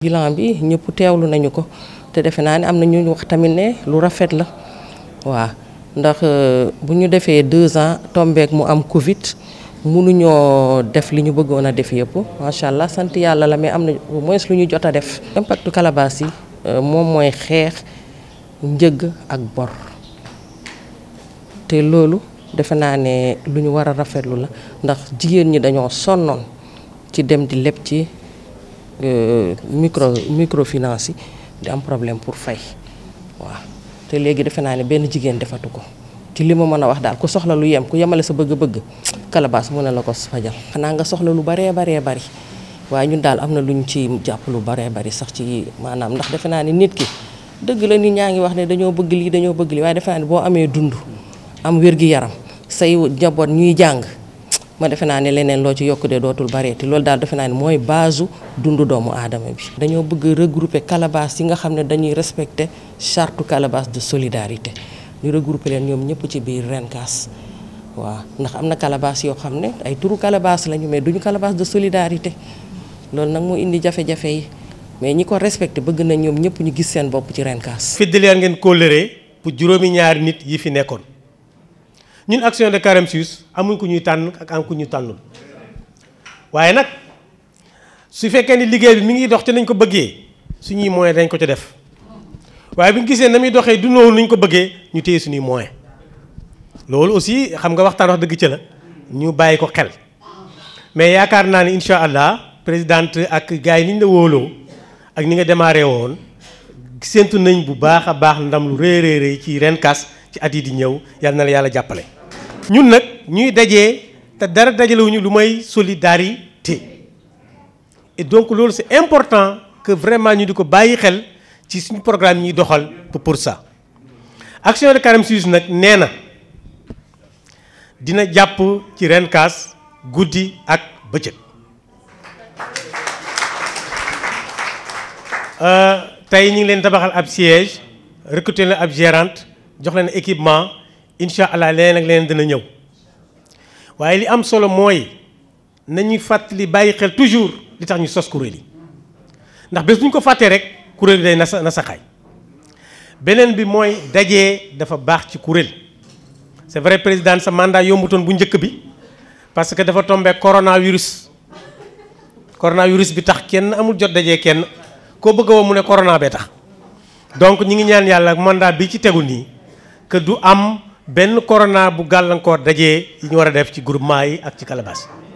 bilan bi ñëpp teewlu nañu ko te defe naa ne am na ñu wax tamit ne lu rafet la waaw ndax euh, bu ñu defee deux ans tombeek mu am Covid mënuñoo def li ñu bëggoon a def yëpp macha allah sant yàlla la mais am na au moins lu ñu jot a def. impactu calabas yi euh, moom mooy xeex njëg ak bor te loolu defe naa ne lu ñu war a rafetlu la ndax jigéen ñi dañoo sonnoon ci dem di leb ci. Eh, micro microfinance yi di am problème pour fay wa té légui défé na né benn jigen defatu ko ci li mëna wax dal ku soxla lu yem ku yamalé sa bëgg-bëgg kalabaas mu né la ko fajal xana nga soxla lu bare bare bari wa ñun dal amna luñ ci japp lu baree bari sax ci manam ndax défé na né nit ki dëgg la nit ñaangi wax né dañoo bëgg li dañoo bëgg li waaye défé na bo amé dund am wér yaram say jabon ñuy jang ma defe naa ne leneen loo ci yokk de dootul bareeti loolu daal defe naa ne mooy baasu dundu doomu aadama bi. dañoo bëgg regrouper calebasse yi nga xam ne dañuy respecter charte calebasse de solidarité ñu regrouper leen ñoom ñëpp ci biir Renkas waaw ndax am na calebasse yoo xam ne ay turu calebasse lañu mais duñu calebasse de solidarité loolu nag moo indi jafe-jafe yi mais ñi ko respecté bëgg nañ ñoom ñëpp ñu gis seen bopp ci Renkas. fiddi leen ngeen kóllëre pour juróomi ñaari nit yi fi nekkoon. ñun action de carême suisse amuñ ku ñuy tànn ak am ku ñu tànnul waaye nag su fekkee ni liggéey bi mi ngi dox ci nañ ko bëggee suñuy moyen dañ ko ca def waaye bi ñu gisee na muy doxee du noonu nañ ko bëggee ñu téye suñuy moyen loolu aussi xam nga waxtaan wax dëgg ci la ñu bàyyi ko xel mais yaakaar naa ni incha allah présidente ak gars yi ni ñu la wóoloo ak ni nga démarré woon séntu nañ bu baax a baax ndam lu rëy rëy rëy ci ren kaas ci at yi di ñëw yal na yàlla jàppale. ñun nak ñuy dajé té dara lu solidarité et donc c'est important que vraiment nous diko bayyi xel ci suñu programme pour ça action de Carême Suisse dina japp ci Renkas goudi ak euh, leen tabaxal ab siège recruter ab gérante jox incha allah leneen ak leneen dina ñëw waaye li am solo mooy nañuy fàttali bàyyi xel toujours li tax ñu sos kuréel yi ndax bés bu ñu ko fàttee rek kuréel yi day nasa nasaxaay beneen bi mooy dajee dafa baax ci kuréel c'est vrai président sa mandat yombutoon bu njëkk bi parce que dafa tombé coronavirus coronavirus bi tax kenn amul jot dajee kenn koo bëgg woo mu ne corona bee tax donc ñi ngi ñaan yàlla mandat bi ci tegu nii que du am. benn corona bu gàllankoor dajee yi ñu war a def ci groupement yi ak ci calebas